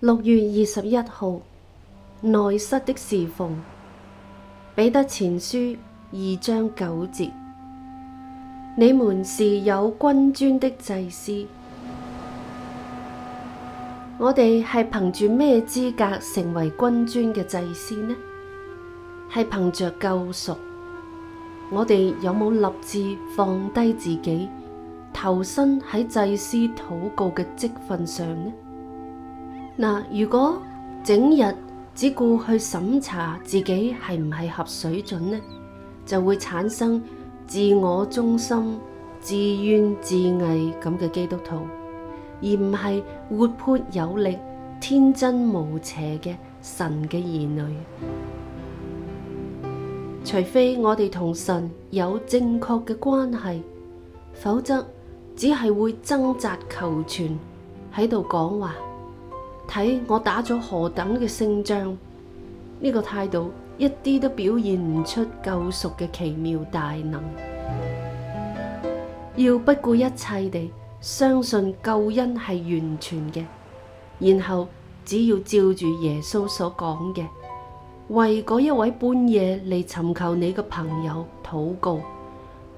六月二十一號，內室的侍奉，彼得前書二章九節：你們是有君尊的祭司。我哋係憑住咩資格成為君尊嘅祭司呢？係憑着救贖。我哋有冇立志放低自己，投身喺祭司禱告嘅職份上呢？嗱，如果整日只顧去審查自己係唔係合水準呢，就會產生自我中心、自怨自艾咁嘅基督徒，而唔係活潑有力、天真無邪嘅神嘅兒女。除非我哋同神有正確嘅關係，否則只係會掙扎求存，喺度講話。睇我打咗何等嘅勝仗，呢個態度一啲都表現唔出救贖嘅奇妙大能。要不顧一切地相信救恩係完全嘅，然後只要照住耶穌所講嘅，為嗰一位半夜嚟尋求你嘅朋友禱告，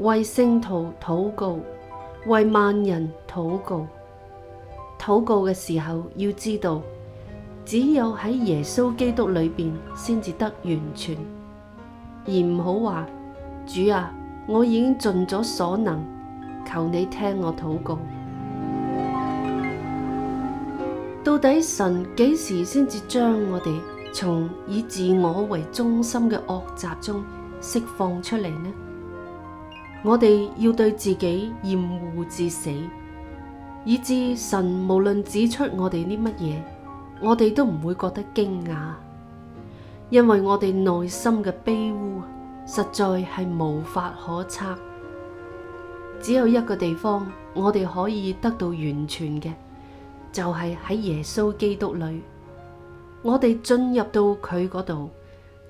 為聖徒禱告，為萬人禱告。禱告嘅時候要知道，只有喺耶穌基督裏邊先至得完全，而唔好話主啊，我已經盡咗所能，求你聽我禱告。到底神幾時先至將我哋從以自我為中心嘅惡習中釋放出嚟呢？我哋要對自己厭惡至死。以致神無論指出我哋啲乜嘢，我哋都唔會覺得驚訝，因為我哋內心嘅卑污實在係無法可測。只有一個地方我哋可以得到完全嘅，就係、是、喺耶穌基督裏。我哋進入到佢嗰度，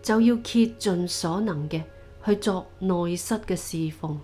就要竭盡所能嘅去作內室嘅侍奉。